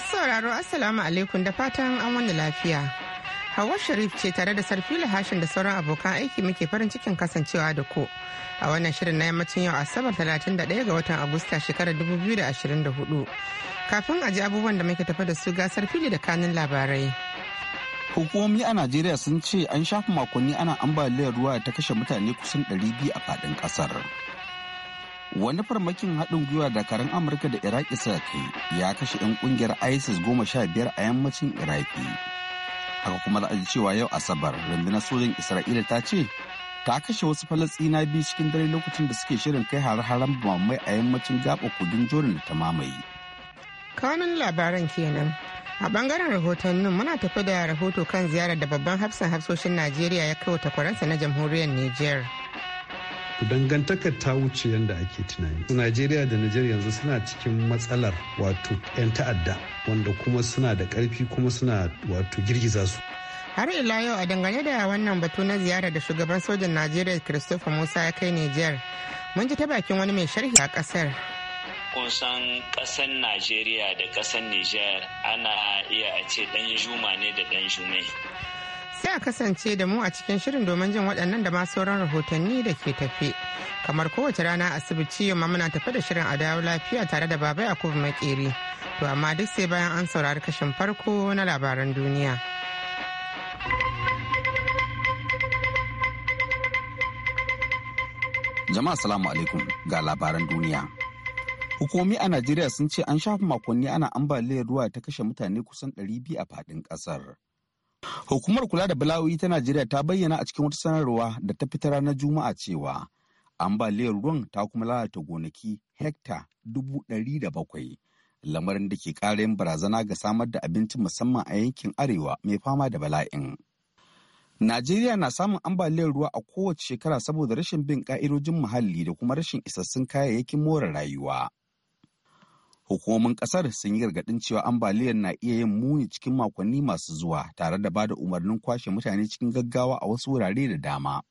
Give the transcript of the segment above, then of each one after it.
Masu sauraro Assalamu alaikum da fatan an wani lafiya. Hawa Sharif ce tare da Sarfila Hashin da sauran abokan aiki muke farin cikin kasancewa da ku. A wannan shirin na yammacin yau Asabar 31 ga watan Agusta shekarar 2024. Kafin a ji abubuwan da muke tafi da su ga sarfi da kanin labarai. Hukumomi a Najeriya sun ce an shafa makonni ana ambaliyar ruwa ta kashe mutane kusan 200 a faɗin ƙasar. wani farmakin haɗin gwiwa da dakarun amurka da iraki suka kai ya kashe 'yan kungiyar isis goma sha biyar a yammacin iraki haka kuma za ji cewa yau asabar rundunar sojin isra'ila ta ce ta kashe wasu falastina biyu cikin dare lokacin da suke shirin kai har-haren bamamai a yammacin gaba kogin jordan da ta mamaye kanun labaran kenan a bangaren rahotannin muna tafi da rahoto kan ziyarar da babban hafsan hafsoshin najeriya ya kai wa takwaransa na jamhuriyar niger dangantakar ta wuce yadda ake tunani najeriya da nijar yanzu suna cikin matsalar wato 'yan ta'adda wanda kuma suna da karfi kuma suna wato girgiza su har ila yau a dangane da wannan batu na ziyara da shugaban sojan najeriya christopher musa ya kai nijar mun ji ta bakin wani mai sharhi a kasar san ƙasar najeriya da ƙasar nijar ana iya a ce ɗan juma ne da ɗan juma'i. sai a kasance da mu a cikin shirin domin jin waɗannan da ma sauran rahotanni da ke tafe kamar kowace rana asibiti yamma muna tafe da shirin a dawo lafiya tare da baba yakubu makeri to amma duk sai bayan an saurari kashin farko na labaran duniya jama'a salamu alaikum ga labaran duniya hukumomi a najeriya sun ce an shafa makonni ana ambaliyar ruwa ta kashe mutane kusan 200 a faɗin ƙasar. Hukumar kula da bala'o'i ta Najeriya ta bayyana a cikin wata sanarwa da ta fitar ranar Juma'a cewa ambaliyar ruwan ta kuma lalata gonaki hekta dubu ɗari da bakwai. Lamarin da ke ƙara yin barazana ga samar da abinci musamman a yankin Arewa mai fama da bala'in. Najeriya na samun ambaliyar ruwa a kowace shekara saboda rashin bin ka'idojin muhalli da kuma rashin isassun kayayyakin more rayuwa. hukumomin kasar sun yi gargadin cewa ambaliyar na iya yin muni cikin makonni masu zuwa tare da ba da umarnin kwashe mutane cikin gaggawa a wasu wurare da dama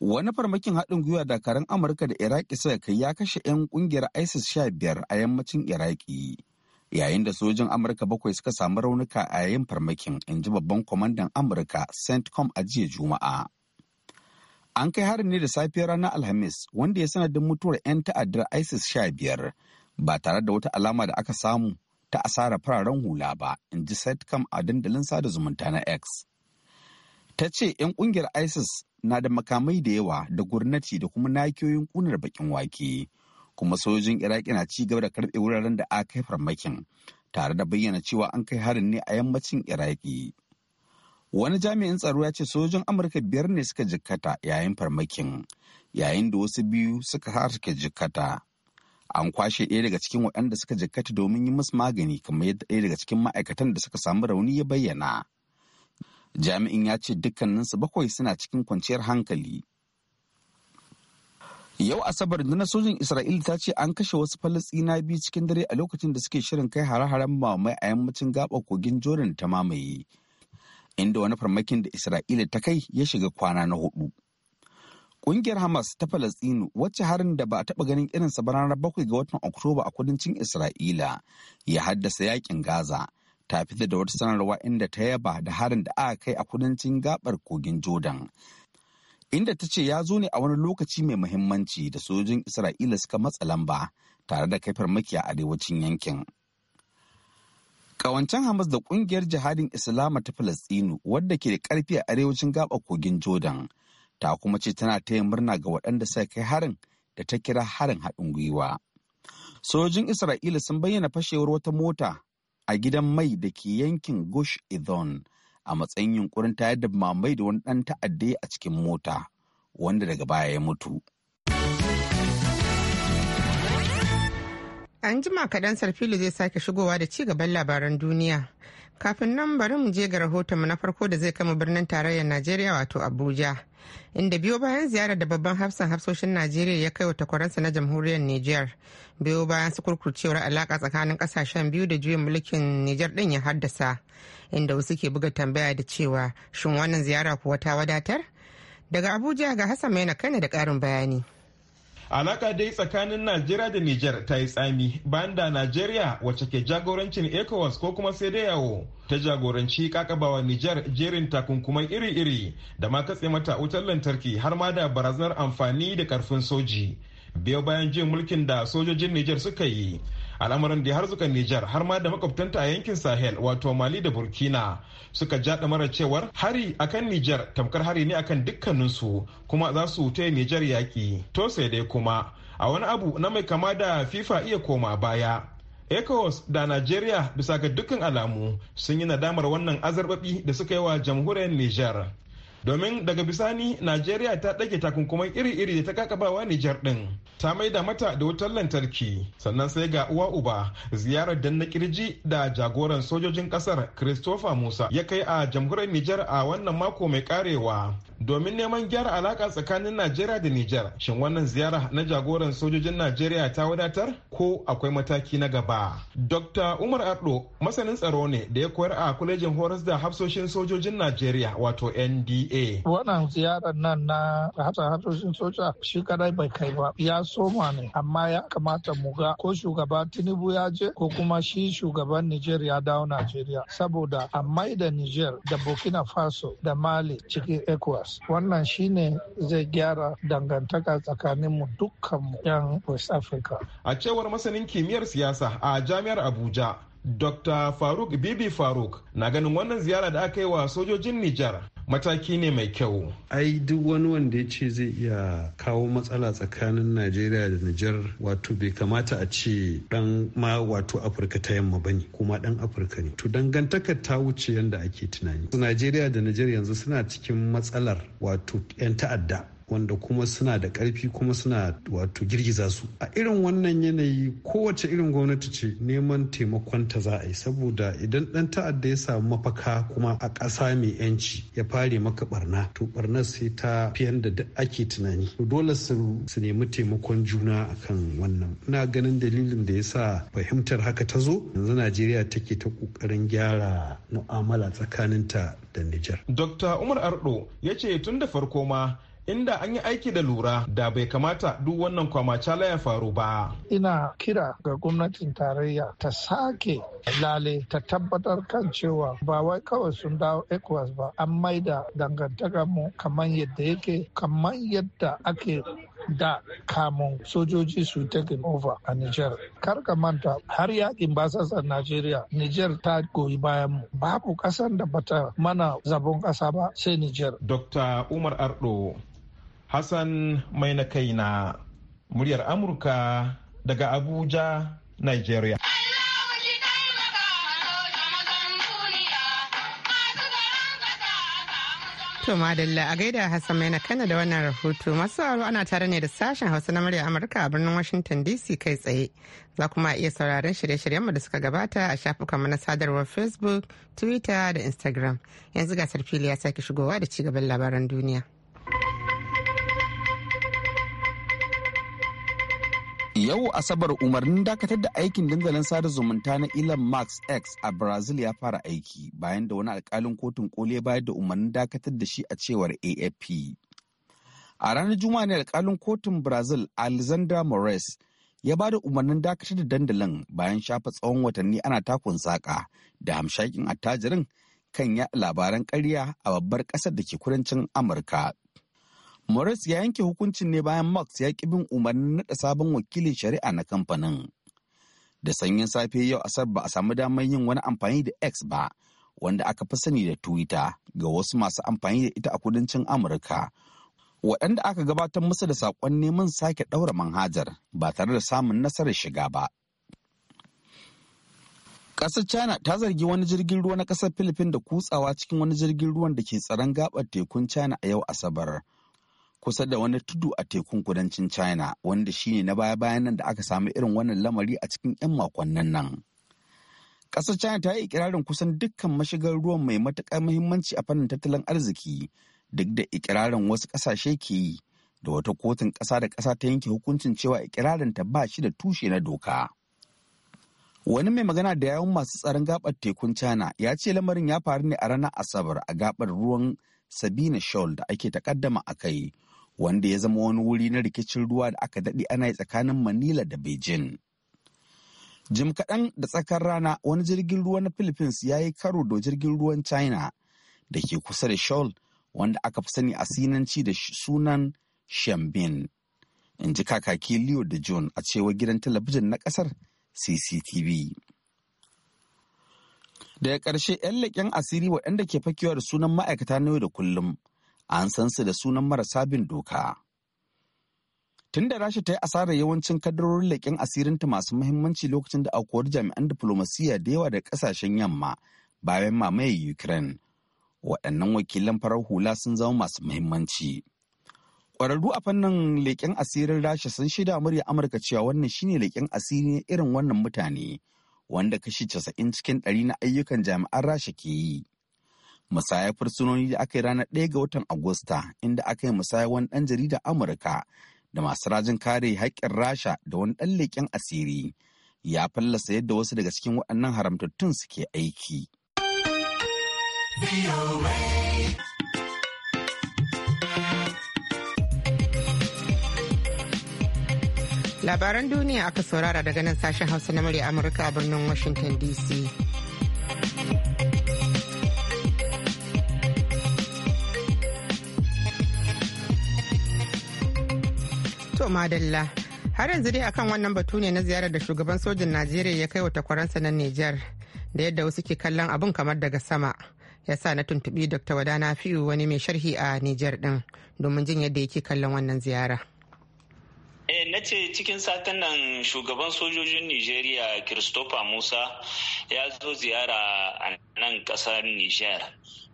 wani farmakin haɗin gwiwa dakarun amurka da iraki suka kai ya kashe 'yan ƙungiyar isis sha biyar a yammacin iraki yayin da sojin amurka bakwai suka samu raunuka a yayin farmakin in ji babban kwamandan amurka centcom a jiya juma'a An kai harin ne da safiyar ranar Alhamis wanda ya sanadin mutuwar 'yan ta'addar ISIS sha biyar ba tare da wata alama da aka samu ta asara fararen hula ba, in ji Setcam a dandalin sada zumunta na X. Ta ce 'yan kungiyar ISIS na da makamai da yawa da gurnati da kuma nakiyoyin kunar bakin wake, kuma sojojin Iraki na ci gaba da karbe wuraren da aka kai farmakin, tare da bayyana cewa an kai harin ne a yammacin Iraki. wani jami'in tsaro ya ce sojojin amurka biyar ne suka jikkata yayin farmakin yayin da wasu biyu suka harka jikkata an kwashe ɗaya daga cikin waɗanda suka jikkata domin yi musu magani kamar yadda ɗaya daga cikin ma'aikatan da suka samu rauni ya bayyana jami'in ya ce dukkaninsu bakwai suna cikin kwanciyar hankali yau asabar na sojin isra'ila ta ce an kashe wasu falastina biyu cikin dare a lokacin da suke shirin kai hare-haren mamai a yammacin gaɓar kogin jordan ta mamaye inda wani farmakin da Isra'ila ta kai ya shiga kwana na hudu. Ƙungiyar Hamas ta Falasɗinu wacce harin da ba a taɓa ganin irin sa ranar bakwai ga watan Oktoba a kudancin Isra'ila ya haddasa yakin Gaza ta fita da wata sanarwa inda ta yaba da harin da aka kai a kudancin gabar kogin Jordan. Inda ta ce ya zo ne a wani lokaci mai muhimmanci da sojojin Isra'ila suka matsa lamba tare da kai farmaki a arewacin yankin. Kawancen Hamas da kungiyar jihadin Islama ta Falastinu wadda ke da karfi a arewacin gaba kogin Jordan ta kuma ce tana ta taya murna ga waɗanda suka kai harin da ta kira harin haɗin gwiwa. Sojojin Isra'ila sun bayyana fashewar wata mota a gidan mai da ke yankin Gush Idon a matsayin yunkurin tayar da mamai da wani ɗan ta'adda a cikin mota wanda daga baya ya mutu. An jima kaɗan sarfili zai sake shigowa da ci gaban labaran duniya. Kafin nan bari mu je ga rahotonmu na farko da zai kama birnin tarayyar Najeriya wato Abuja. Inda biyo bayan ziyarar da babban hafsan hafsoshin Najeriya ya kai wa takwaransa na jamhuriyar Nijar. Biyo bayan su kurkucewar alaka tsakanin ƙasashen biyu da juyin mulkin Nijar din ya haddasa. Inda wasu ke buga tambaya da cewa shin wannan ziyara kuwa ta wadatar? Daga Abuja ga Hassan Maina kai da ƙarin bayani. alaka dai tsakanin najeriya da niger ta yi tsami bayan da najeriya wacce ke jagorancin ecowas ko kuma sai da yawo ta jagoranci kakabawa niger jerin takunkuman iri-iri da ma katse mata wutar lantarki har ma da barazanar amfani da karfin soji biyo bayan jin mulkin da sojojin niger suka yi al'amuran da ya harzuka Nijar har ma da makwabtanta a yankin Sahel wato Mali da Burkina suka ja mara cewar hari akan Nijar tamkar hari ne akan dukkaninsu kuma za su taya Nijar yaki To sai dai kuma a wani abu na mai kama da FIFA iya koma baya. ECOWAS da Najeriya bisa ga dukkan alamu sun yi nadamar wannan azarbabi da suka yi wa jamhuriyar Nijar. domin daga bisani najeriya ta ɗage takunkuman iri-iri da ta kakabawa nijar ɗin ta maida mata da wutar lantarki sannan sai ga uwa uba ziyarar dan na kirji da jagoran sojojin kasar christopher musa ya kai a jamhuriyar niger a wannan mako mai karewa domin neman gyara alaka tsakanin najeriya da niger shin wannan ziyara na jagoran sojojin najeriya ta wadatar ko akwai mataki na gaba dr umar ardo masanin tsaro ne da ya koyar a kwalejin horas da hafsoshin sojojin najeriya wato nda wannan ziyarar nan na hafsoshin soja shi kadai bai kai ba soma ne amma ya kamata mu ga ko shugaba tinubu ya je ko kuma shi shugaban niger ya dawo nigeria saboda a maida niger da burkina faso da mali cikin ecowas wannan shine zai gyara dangantaka tsakanin dukkan mu yan west africa a cewar masanin kimiyyar siyasa a jami'ar abuja Dr. Faruk Bibi Faruk na ganin wannan ziyara da aka yi wa sojojin Nijar mataki ne mai kyau ai duk wani wanda ya ce zai iya kawo matsala tsakanin najeriya da nijar wato bai kamata a ce dan ma wato afirka ta yamma bane kuma dan afirka ne to dangantakar ta wuce yanda ake tunani najeriya da nijar yanzu suna cikin matsalar wato 'yan ta'adda wanda kuma suna da karfi kuma suna wato girgiza su a irin wannan yanayi kowace irin gwamnati ce neman taimakon ta za a yi saboda idan dan ta'adda ya samu mafaka kuma a ƙasa mai yanci ya fare maka barna to ɓarnar sai ta fiyan da ake tunani to dole su nemi taimakon juna akan wannan ina ganin dalilin da ya sa fahimtar haka ta zo yanzu najeriya take ta ƙoƙarin gyara mu'amala tsakaninta da nijar dr umar ardo ya ce tun da farko ma inda an yi aiki da lura da bai kamata duk wannan kwamacala ya faru ba. Ina kira ga gwamnatin tarayya ta sake lale ta tabbatar kan cewa ba wai kawai sun dawo ECOWAS ba an maida dangantaka mu kamar yadda yake kamar yadda ake da kamun sojoji su taking over a Niger. Kar ka manta har yakin basasar Najeriya, Niger ta goyi bayan mu. Babu kasan da bata mana zabon kasa ba sai Niger. Dr. Umar Ardo Hassan mai na na muryar Amurka daga Abuja, Nigeria. To madalla a gaida Hassan Maina kana da wannan rahoto masu sauraro ana tare ne da sashen Hausa na murya Amurka a birnin Washington DC kai tsaye. Za kuma iya sauraron shirye-shiryenmu da suka gabata a shafukanmu na sadarwar Facebook, Twitter da Instagram. Yanzu ga Sarfili ya sake shigowa da cigaban labaran duniya. Yau Asabar umarnin dakatar da aikin dandalin sada zumunta na Elon Musk X a Brazil ya fara aiki bayan da wani alkalin kotun koli ya bayar da umarnin dakatar da shi a cewar AFP. A ranar Juma'a ne alkalin kotun Brazil Alexander Morales ya ba da umarnin dakatar da dandalin bayan shafa tsawon watanni ana takun saka da hamshakin attajirin kan ya labaran karya a babbar ƙasar da ke kudancin Amurka. Morris ya yanke hukuncin ne bayan Max ya ki bin umarnin naɗa sabon wakilin shari'a na kamfanin. Da sanyin safe yau asar ba a samu damar yin wani amfani da X ba, wanda aka fi sani da Twitter ga wasu masu amfani da ita a kudancin Amurka. Waɗanda aka gabatar musu da saƙon neman sake ɗaura manhajar ba tare da samun nasarar shiga ba. Ƙasar China ta zargi wani jirgin ruwa na ƙasar Philippines da kutsawa cikin wani jirgin ruwan da ke tsaron gaɓar tekun China a yau Asabar. kusa da wani tudu a tekun kudancin china wanda shine na baya-bayan nan da aka samu irin wannan lamari a cikin 'yan makonnan nan ƙasar china ta yi ikirarin kusan dukkan mashigar ruwan mai matuƙar muhimmanci a fannin tattalin arziki duk da ikirarin wasu ƙasashe ke yi da wata kotun ƙasa da ƙasa ta yanke hukuncin cewa ikirarin ta ba shi da tushe na doka wani mai magana da yawun masu tsaron gabar tekun china ya ce lamarin ya faru ne a ranar asabar a gabar ruwan sabina shoal da ake takaddama a kai wanda ya zama wani wuri na rikicin ruwa da aka daɗe ana yi tsakanin manila da beijing jim kaɗan da tsakar rana wani jirgin ruwa na philippines ya yi karo da jirgin ruwan china da ke kusa da shoal wanda aka fi sani a sinanci da sunan shambin in ji kakaki leo da john a cewa gidan talabijin na ƙasar cctv daga ƙarshe 'yan leƙen asiri waɗanda ke fakewa da sunan ma'aikata na yau da kullum an san su da sunan marasa bin doka. Tun da Rasha ta yi asarar yawancin kadarorin leƙen asirinta masu muhimmanci lokacin da aukuwar jami'an diflomasiyya da yawa da ƙasashen yamma bayan mamaye Ukraine. Waɗannan wakilan farar hula sun zama masu muhimmanci. Ƙwararru a fannin leƙen asirin Rasha sun shida murya Amurka cewa wannan shine leƙen asiri irin wannan mutane wanda kashi casa'in cikin ɗari na ayyukan jami'an Rasha ke yi. musayar fursunoni da aka yi ranar 1 ga watan agusta inda aka yi musayar wani ɗan jaridar amurka da masu rajin kare haƙƙin rasha da wani ɗan leƙen asiri ya fallasa yadda wasu daga cikin waɗannan haramtattun suke aiki. Labaran duniya aka saurara daga nan sashen Hausa na murya Amurka a birnin Washington DC. To madalla. Har yanzu dai akan wannan batu ne na ziyarar da shugaban sojin Najeriya ya kai wa takwaransa na Nijar da yadda wasu ke kallon abin kamar daga sama. Ya sa na tuntubi Dr. Wadana Fiyu wani mai sharhi a Nijar din domin jin yadda yake kallon wannan ziyara. Eh, na ce cikin satin nan shugaban sojojin nigeria Christopher Musa ya zo ziyara a nan kasar Nijar.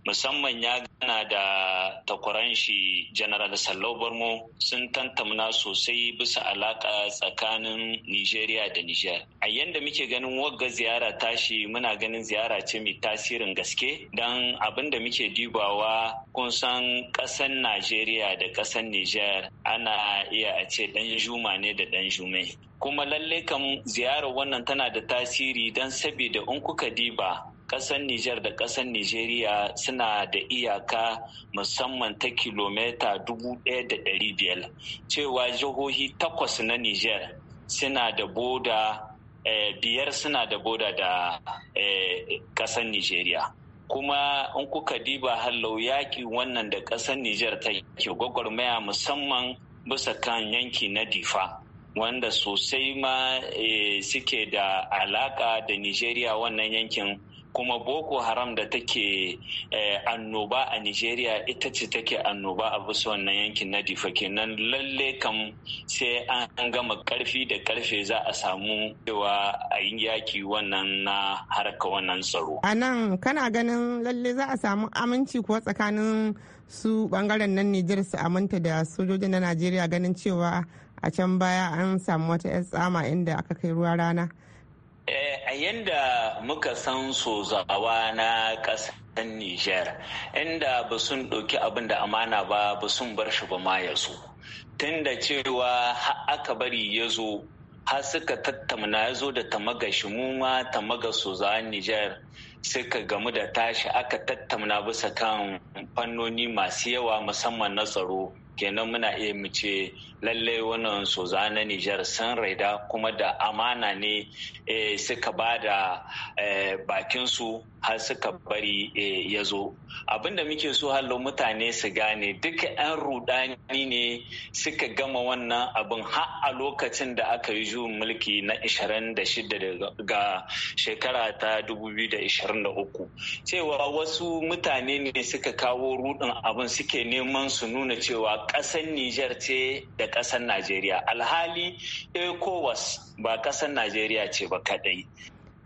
Musamman ya gana da takwaran shi General Sallau Barmo sun tantamna sosai bisa alaka tsakanin Nijeriya da Nijar. A yanda muke ganin wagga ziyara tashi muna ganin ziyara ce mai tasirin gaske don abin da muke dibawa kun san ƙasan Najeriya da ƙasar Nijar ana iya a ce ɗan juma ne da ɗan jume. Kuma lalle kam ziyarar wannan tana da tasiri don saboda in kuka diba ƙasar Nijar da ƙasar Nijeriya suna da iyaka musamman ta kilomita dubu da biyar cewa jihohi takwas na Nijar suna da boda eh, biyar suna da boda da eh, ƙasar Nijeriya. kuma in kuka diba hallau yaƙi wannan da ƙasar Nijar ta ke gwagwarmaya musamman bisa kan yanki na difa wanda sosai ma eh, suke da alaƙa da Nijeriya wannan yankin kuma boko haram da take eh, annoba a nigeria ita ce take annoba a bisa wannan yankin na difa kenan lalle kam sai an gama karfi da karfe za a samu cewa a yi yaki wannan na harka wannan tsaro a nan kana ganin lalle za a samu aminci kuwa tsakanin su bangaren nan nijar su aminta da sojojin na najeriya ganin cewa a can baya an samu wata 'yan tsama inda aka kai ruwa rana Eh, a yadda muka san sozawa na ƙasar Nijar, inda ba sun ɗauki abin da amana ba ba sun bar shi ba ma ya so. Tun da cewa aka bari ya zo, har suka tattamna ya zo da tamaga shi mu ma tamaga sozawa Nijar. suka gamu da tashi aka tattamna bisa kan fannoni masu yawa musamman na tsaro kenan muna iya mu ce lallai wannan soza na Nijar sun raida kuma da amana ne eh, suka ba da eh, su har suka bari eh, ya zo abinda muke so hallo mutane su gane duka 'yan rudani ne suka gama wannan abin har a lokacin da aka yi juyin mulki na 26 ga shekara ta 2023 cewa wasu mutane ne suka kawo rudin abin suke neman su nuna cewa Kasan Nijar ce da ƙasan Najeriya. Alhali ECOWAS ba ƙasar Najeriya ce ba kadai.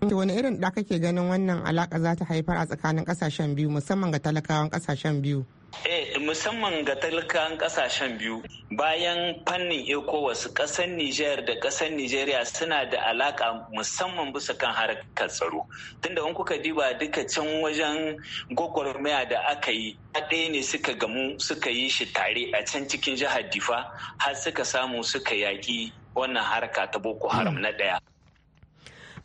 wani irin da kake ganin wannan alaka za ta haifar a tsakanin kasashen biyu musamman ga talakawan kasashen biyu Eh, musamman ga talakan kasashen biyu bayan fannin ECOWAS kasar Nijar da kasar Nijeriya suna da alaka musamman bisa kan harkar tsaro. Tunda in kuka diba duka can wajen gwagwarmaya da aka yi, ɗaya ne suka gamu suka yi shi tare a can cikin jihar Difa har suka samu suka yaƙi wannan harka ta Boko Haram hmm. na ɗaya.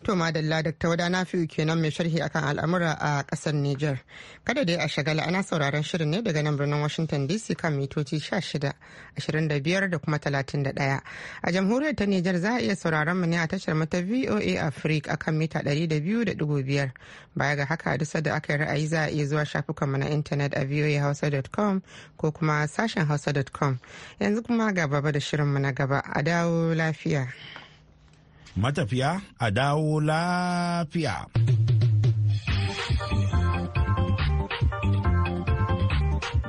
To madalla Dr. Wada Nafi'u kenan mai sharhi akan al'amura a kasar Niger. Kada dai a shagala ana sauraron shirin ne daga nan birnin Washington DC kan mitoci 16, 25 da kuma 31. A jamhuriyar ta Niger za a iya sauraron mu ne a tashar mata VOA Africa akan mita 200.5. Baya ga haka dusa da aka yi ra'ayi za a iya zuwa shafukan mu na intanet a voahausa.com ko kuma sashen hausa.com. Yanzu kuma ga baba da shirin mu na gaba. A dawo lafiya. matafiya a dawo lafiya.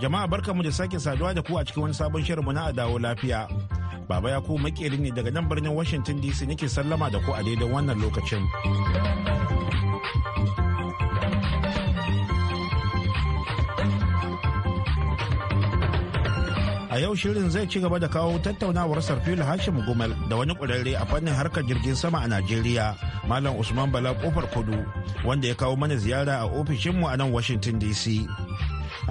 Jama'a barkanmu da sake saduwa da ku a cikin wani sabon shirinmu na a dawo lafiya. Baba ya ku makeri ne daga nan birnin Washington DC nake sallama da ku a daidai wannan lokacin. A yau shirin zai ci gaba da kawo tattaunawar Sarfil Hashim Gumal da wani ƙwararre a fannin harkar jirgin sama a Najeriya, Malam Usman Bala Kofar Kudu, wanda ya kawo mana ziyara a ofishinmu a nan Washington DC.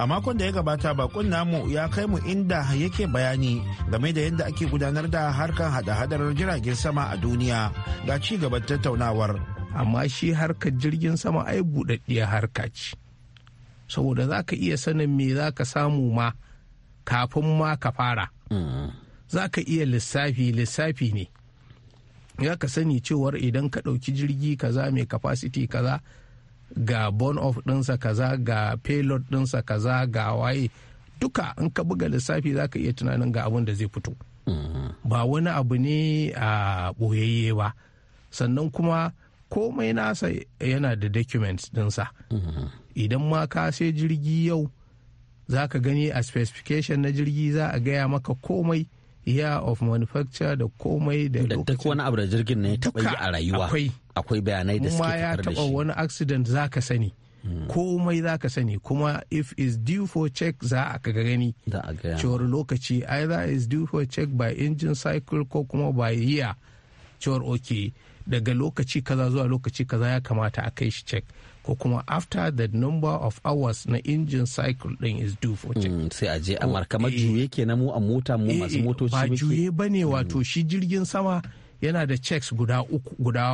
A makon da ya gabata bakon namu ya kai mu inda yake bayani game da yadda ake gudanar da harkar hada-hadar jiragen sama a duniya ga ci gaban tattaunawar. Amma shi harkar jirgin sama ai buɗaɗɗiyar harka ce. Saboda za ka iya sanin me za ka samu ma kafin ma ka fara mm. za ka iya lissafi lissafi ne ya ka sani cewar idan ka ɗauki jirgi kaza mai capacity kaza ga bone of ɗinsa kaza ga payload ɗinsa kaza ga waye duka in ka buga lissafi za ka iya tunanin ga abin da zai fito mm. ba wani abu ne a ɓoyayye ba sannan kuma komai nasa yana da documents ɗinsa mm. idan ma ka sai jirgi yau za ka gani a specification na jirgi za a gaya maka komai year of manufacture da komai da duk wani abu da jirgin ne taɓa yi a rayuwa akwai bayanai da suke ya taɓa wani accident za ka sani hmm. komai za ka sani kuma if is due for check za a ka gani cewar lokaci either is due for check by engine cycle ko kuma by year cewar okay daga lokaci kaza zuwa lokaci kaza ya kamata a kai shi check ko kuma after the number of hours na engine cycle din is due for check. Mm, sai a je a oh, markama juye eh. ke na mu a mota mu eh, masu motoci ba juye ba ne mm. wato shi jirgin sama yana da checks guda uku guda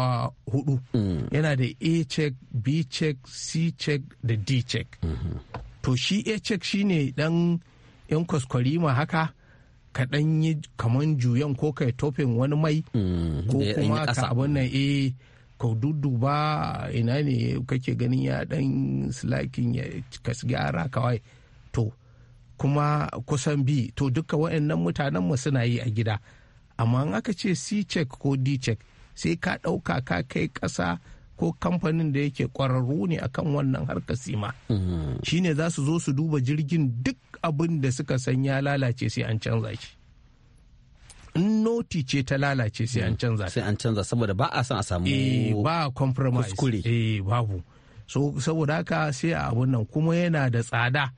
hudu mm. yana da a check b check c check da d check mm-hmm. to shi a check shine dan yan kwaskwarima haka ka dan yi kaman juyan ko kai tofin wani mai ko kuma ka abin nan eh ko dudduba ina ne kake ganin ya dan slakin ya ka gyara kawai to kuma kusan bi to duka wa'annan mutanen mu suna yi a gida amma in aka ce c check ko d check sai ka ɗauka ka kai ƙasa ko kamfanin da yake kwararru ne akan wannan harkar sima mm-hmm. shine za su zo su duba jirgin duk abin da suka san ya lalace sai an canza shi in noti ce ta lalace sai an mm. canza sai an canza saboda ba a son a samu eh, ba compromise kuskure eh babu so saboda haka sai a abun nan kuma yana da tsada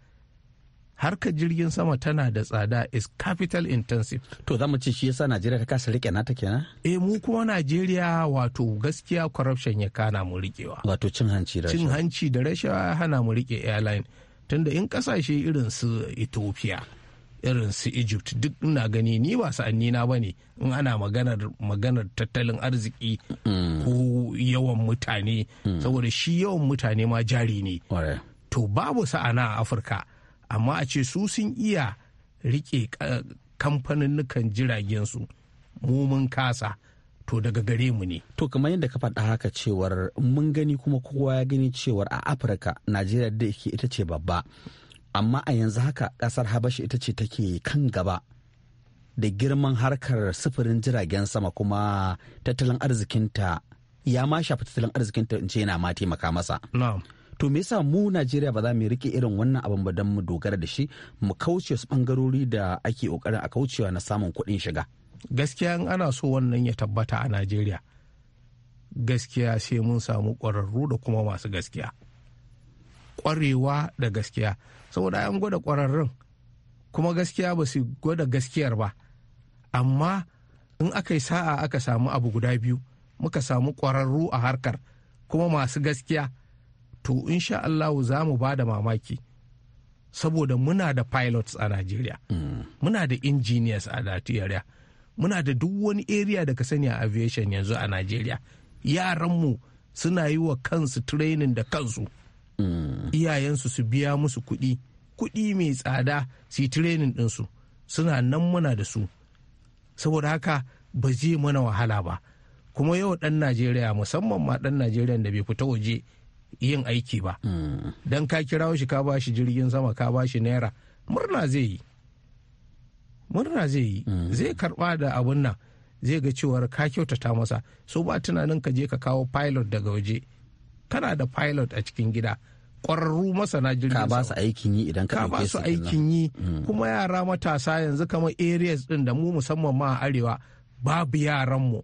harka jirgin sama tana da tsada is capital intensive. To za mu ce shi yasa Najeriya ta kasa rike nata kenan? Eh mu kuma Najeriya wato gaskiya corruption ya kana mu rikewa. Wato cin hanci da Cin hanci da rashawa hana mu rike airline. Tunda in kasashe irin su Ethiopia. irin su egypt duk ina gani ni ba sa'anni na bane in ana maganar maganar tattalin arziki mm. ko yawan mutane mm. saboda shi yawan mutane ma jari ne to babu sa'ana a afirka amma a ce su sun iya rike jiragen eh, jiragensu mu mun kasa to daga gare mu ne. To kamar yadda ka faɗa haka cewar mun gani kuma kowa ya gani cewar a Afirka Najeriya da ita ce babba amma a yanzu haka ƙasar habashi ita ce take kan gaba da girman harkar sufurin jiragen sama kuma tattalin arzikinta ya ma shafi tattalin arzikinta in ce yana ma taimaka masa. To me yasa mu Najeriya ba za mu rike irin wannan abin ba don mu dogara da shi mu kauce su bangarori da ake kokarin a kaucewa na samun kuɗin shiga. Gaskiya in ana so wannan ya tabbata a Najeriya. Gaskiya sai mun samu ƙwararru da kuma masu gaskiya. kwarewa da gaskiya saboda an gwada kwararrun kuma gaskiya ba su gwada gaskiyar ba amma in aka yi sa'a aka samu abu guda biyu muka samu kwararru a harkar kuma masu gaskiya to insha Allahu za mu ba da mamaki saboda muna da pilots a Najeriya muna da engineers a Najeriya muna da duk wani area da ka sani a aviation yanzu a Najeriya yaranmu suna yi wa kansu training da kansu iyayensu su biya musu kuɗi kuɗi mai tsada su yi tirenin ɗinsu suna nan muna da su saboda haka ba zai mana wahala ba kuma yau ɗan najeriya musamman ma ɗan najeriya da bai fita waje yin aiki ba don ka kira shi ka ba shi jirgin sama ka ba shi naira murna zai yi murna zai yi zai karɓa da abun nan zai ga cewar ka kyautata masa so ba tunanin ka je ka kawo pilot daga waje kana da pilot a cikin gida kwararru masana jirgin sama. Ka ba aikin yi idan ka ba su aikin yi hmm. kuma yara matasa yanzu kamar areas din da mu musamman ma a arewa babu yaran mu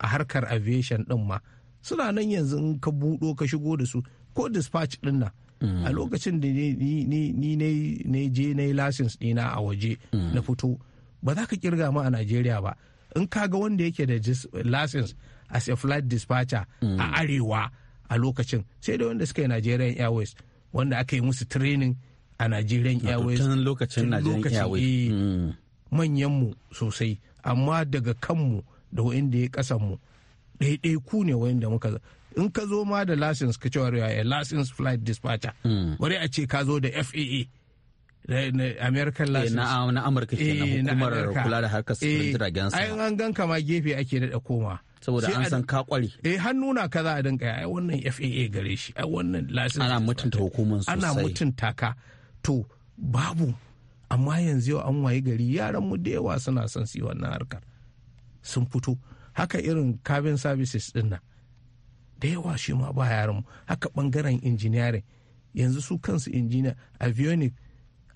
a harkar aviation din ma suna nan yanzu in ka buɗo ka shigo da su ko dispatch din nan a hmm. lokacin da ni ne je na yi license dina a waje hmm. na fito ba za ka kirga ma a Najeriya ba in ka ga wanda yake da license as a flight dispatcher a arewa a lokacin sai da wanda suka yi nigerian airways wanda aka yi musu training a nigerian airways tun lokacin nigerian airways eh, hmm. manyanmu sosai amma daga kanmu da wa'inda ya kasanmu ɗaiɗai ku ne wa'inda muka in ka zo ma da license ka cewa ya license flight dispatcher hmm. bari a ce ka zo da FAA American eh, license na Amurka kenan eh, hukumar kula da harkar jiragen sama ai an ganka ma gefe ake da koma saboda an san ka kware eh hannuna ka za a dinka ai wannan FAA gare shi ai wannan license ana mutunta hukumar sosai ana mutunta ka to babu amma yanzu yau an waye gari yaran mu da yawa suna son su yi wannan harkar sun fito haka irin cabin services din nan da yawa shi ma ba yaran mu haka bangaren engineering yanzu su kansu engineer avionic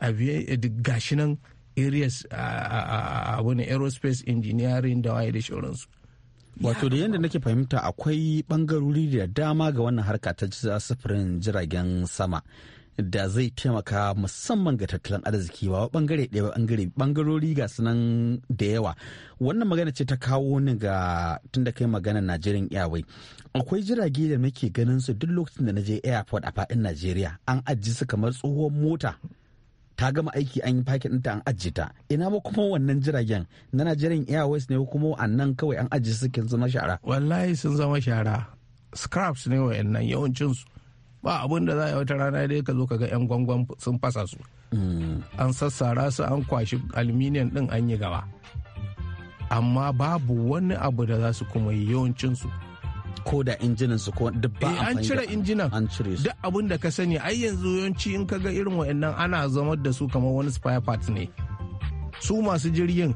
eh, gashi nan areas a wani aerospace engineering da waye da shauransu wato da yadda nake fahimta akwai bangarori da dama ga wannan harka ta sufurin jiragen sama da zai taimaka musamman ga tattalin arziki ba bangare ɗaya ba bangare bangarori ga sunan da yawa wannan magana ce ta kawo ni ga tun da kai magana Najeriyan yawai akwai jirage da muke ganin su duk lokacin da na je airport a faɗin Najeriya an ajiye su kamar tsohon mota ta gama aiki an yi paket ɗinta an ajiye ta ina ma kuma wannan jiragen na Nigerian Airways ne kuma nan kawai an ajiye su kin zama shara wallahi sun zama shara scraps ne wa'annan yawancin su ba abin da za a yi wata rana dai ka zo ka ga yan gwangwan sun fasa su hmm. an sassara su an kwashi aluminium din an yi gaba amma babu wani abu da za su kuma yi yawancin su ko da injinan su ko duk ba eh, an cire injinan an cire su duk abin da ka sani ai yanzu yawanci in kaga irin wayannan ana zama da su kamar wani spare part ne su masu jirgin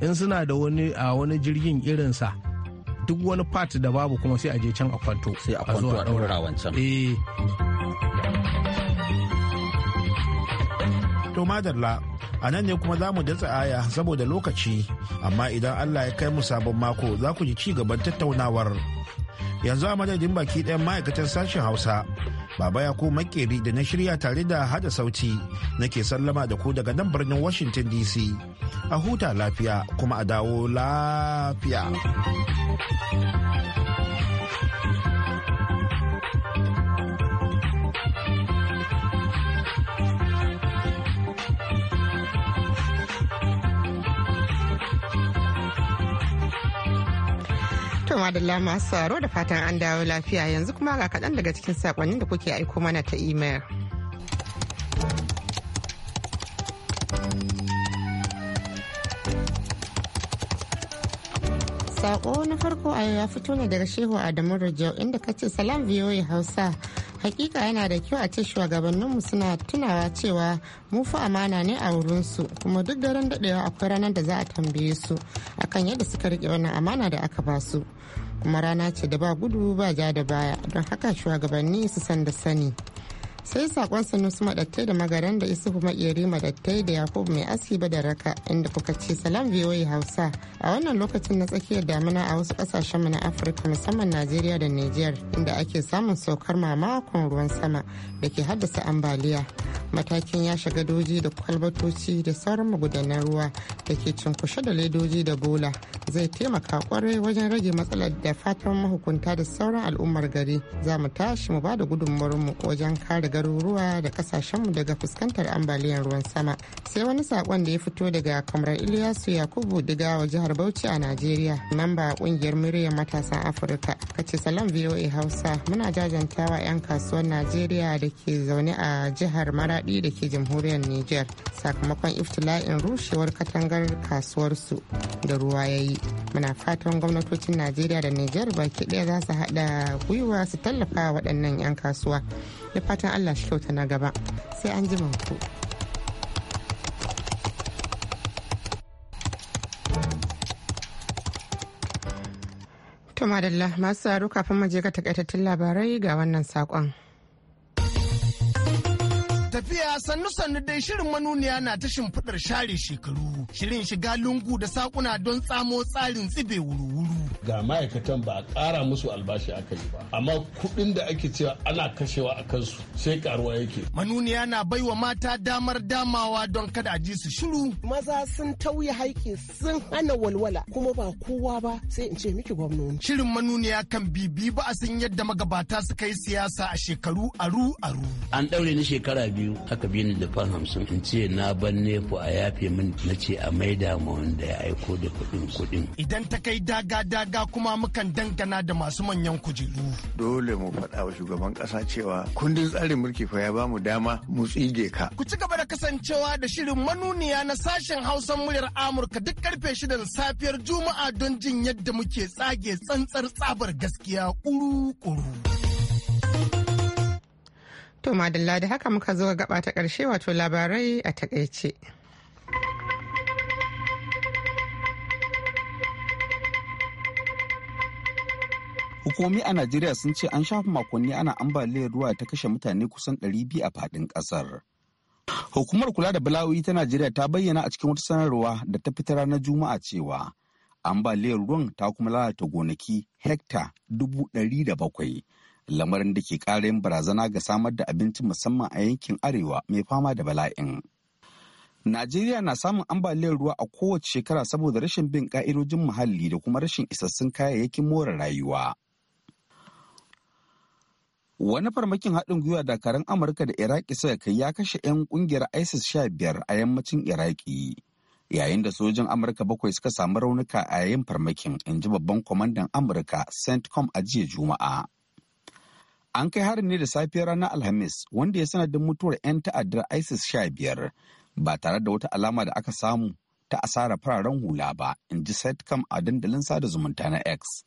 in suna da wani a wani jirgin irin sa duk wani part da babu kuma sai a je can a kwanto sai a kwanto a daura wancan eh to madalla a nan ne kuma za mu datsa aya saboda lokaci amma idan allah ya kai mu sabon mako za ku ji ci gaban tattaunawar yanzu a madadin baki ɗayan ma'aikatan sashen hausa baba ya ko makeri da na shirya tare da hada sauti nake sallama da ku daga nan birnin washington dc a huta lafiya kuma a dawo lafiya da lama saro da fatan an dawo lafiya yanzu kuma ga kaɗan daga cikin saƙonnin da kuke aiko mana ta imel. Sako na farko a ya fito ne daga Shehu Adamu Rajau inda ka ce salam ya Hausa hakika yana da kyau a ce shugabanninmu suna tunawa cewa mu fi amana ne a wurinsu kuma duk daren daɗewa akwai ranar da za a tambaye su akan yadda suka rike wannan amana da aka ba su kuma rana ce da ba gudu ba ja da baya don haka shugabanni su san da sani sai sakon sanusu madattai da magaran da isuhu maƙeri madattai da yakubu mai aski ba da raka inda kuka ce salam voa hausa a wannan lokacin na tsakiyar damina a wasu mu na afirka musamman najeriya da niger inda ake samun saukar mamakon ruwan sama da ke haddasa ambaliya matakin ya shiga doji da kwalbatoci da sauran magudanan ruwa da ke cunkushe da ledoji da bola zai taimaka kwarai wajen rage matsalar da fatan mahukunta da sauran al'ummar gari za mu tashi mu ba da mu wajen kare garuruwa da kasashenmu daga fuskantar ambaliyar ruwan sama sai wani sakon da ya fito daga kamar iliyasu yakubu digawa jihar bauchi a najeriya mamba kungiyar muryar matasan afirka kace salam voa hausa muna jajantawa 'yan kasuwar najeriya da ke zaune a jihar maradi da ke jamhuriyar niger sakamakon iftila'in rushewar katangar kasuwarsu da ruwa ya yi muna fatan gwamnatocin najeriya da niger baki ɗaya za su haɗa gwiwa su tallafa waɗannan 'yan kasuwa da fatan Allah shi kyauta na gaba sai an ji ku. To madalla masu tsaro kafin mu je ga takaitattun labarai ga wannan saƙon. tafiya sannu sannu dai shirin manuniya na ta shimfiɗar share shekaru shirin shiga lungu da sakuna don tsamo tsarin tsibe wuru-wuru. Ga ma'aikatan ba a ƙara musu albashi aka yi ba, amma kuɗin da ake cewa ana kashewa a kansu sai karuwa yake. Manuniya na baiwa mata damar damawa don kada a ji su shiru. Maza sun tauye haƙƙi sun hana walwala kuma ba kowa ba sai in ce miki gwamnoni. Shirin manuniya kan bibi ba a san yadda magabata suka yi siyasa a shekaru aru aru. An ɗaure ni shekara biyu. biyu aka bi ni da hamsin in ce na ban nefo a yafe min na ce a maida ma wanda ya aiko da kuɗin kuɗin. Idan ta kai daga daga kuma mukan dangana da masu manyan kujeru. Dole mu faɗa wa shugaban ƙasa cewa kundin tsarin mulki fa ya ba mu dama mu tsige ka. Ku ci gaba da kasancewa da shirin manuniya na sashen Hausan muryar Amurka duk karfe shida da safiyar Juma'a don jin yadda muke tsage tsantsar tsabar gaskiya kuru-kuru. To madalla da haka muka zo gaba ta ƙarshe wato labarai a takaice. Hukumomi a Najeriya sun ce an shafa makonni ana ambaliyar ruwa ta kashe mutane kusan 200 a faɗin ƙasar. Hukumar kula da bala'o'i ta Najeriya ta bayyana a cikin wata sanarwa da ta fita ranar Juma'a cewa ambaliyar ruwan ta kuma lalata gonaki hekta dubu da bakwai lamarin da ke ƙarin barazana ga samar da abinci musamman a yankin arewa mai fama da bala'in. Najeriya na samun ambaliyar ruwa a kowace shekara saboda rashin bin ƙa'idojin muhalli da kuma rashin isassun kayayyakin more rayuwa. Wani farmakin haɗin gwiwa dakarun Amurka da Iraki suka kai ya kashe 'yan ƙungiyar ISIS sha biyar a yammacin Iraki. Yayin da sojin Amurka bakwai suka samu raunuka a yayin farmakin, in ji babban kwamandan Amurka, CENTCOM a jiya Juma'a. An kai harin ne da safiyar ranar Alhamis wanda ya sanadin mutuwar 'yan ta'addar ISIS sha biyar ba tare da wata alama da aka samu ta asarar fararen hula ba, in ji Setcam a dandalin sada zumunta na X.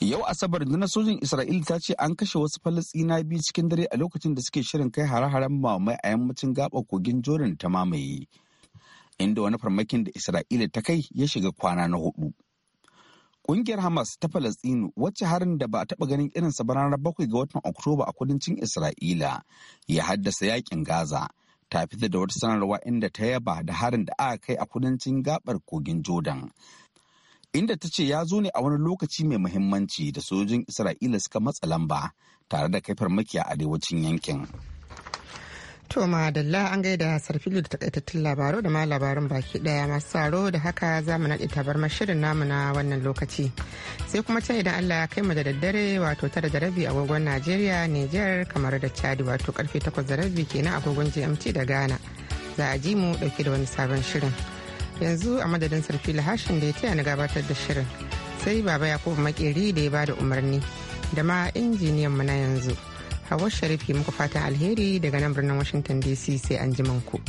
Yau Asabar na sojin Isra'ila ta ce an kashe wasu na biyu cikin dare a lokacin da suke shirin kai hare-haren mamai a yammacin gaɓar kogin Jordan ta mamaye, inda wani farmakin da Isra'ila ta kai ya shiga kwana na hudu. Ƙungiyar Hamas ta Falasɗinu wacce harin da ba a taɓa ganin irinsa ba ranar bakwai ga watan Oktoba a kudancin Isra'ila ya haddasa yakin Gaza ta fitar da wata sanarwa inda ta yaba da harin da aka kai a kudancin gabar kogin Jordan. Inda ta ce ya zo ne a wani lokaci mai muhimmanci da sojojin Isra'ila suka matsa lamba tare da kai farmaki a arewacin yankin. To madalla an gaida sarfilu da takaitattun labaru da ma labarin baki daya masu tsaro da haka za mu naɗe tabarmar shirin namu na wannan lokaci. Sai kuma can idan Allah ya kai mu da daddare wato tara da rabi agogon Najeriya, Nijar, kamar da Chadi wato karfe takwas da rabi kenan agogon GMT da Ghana. Za a ji mu ɗauke da wani sabon shirin. Yanzu a madadin sarfilu hashin da ya taya na gabatar da shirin. Sai baba Yakubu Makeri da ya bada umarni da ma injiniyan mu na yanzu. Hawa Sharif muku fatan alheri daga nan birnin Washington DC sai an ku.